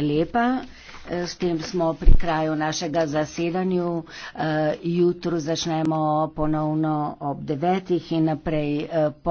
lepa. Eh, s tem smo pri kraju našega zasedanju. Eh, jutro začnemo ponovno ob devetih in naprej eh, po.